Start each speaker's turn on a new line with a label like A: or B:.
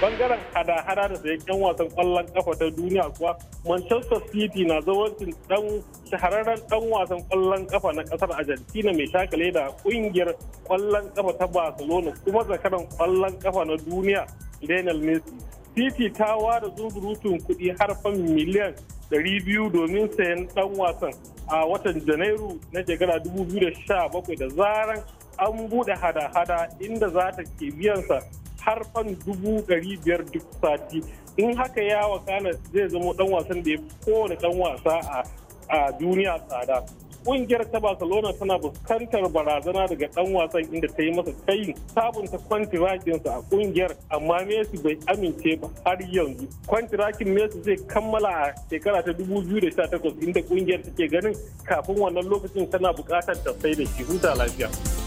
A: bangaren hada-hada da sai yan wasan kwallon kafa ta duniya kuwa manchester city na zawancin dan shahararren dan wasan kwallon kafa na kasar argentina mai shakale da kungiyar kwallon kafa ta barcelona kuma zakaran kwallon kafa na duniya lionel messi city ta ware zuzurutun kuɗi har fan miliyan 200 domin sayan dan wasan a watan janairu na shekara 2017 da zaran an bude hada-hada inda za ta ke biyansa har fan dubu ɗari biyar duk sati in haka ya wakana zai zama dan wasan da ya fi kowane dan wasa a duniya tsada kungiyar ta barcelona tana buskantar barazana daga dan wasan inda ta yi masa tayin sabunta kwantirakinsa a kungiyar amma messi bai amince ba har yanzu kwantirakin messi zai kammala a shekara ta dubu takwas inda kungiyar take ganin kafin wannan lokacin tana bukatar ta sai da shi huta lafiya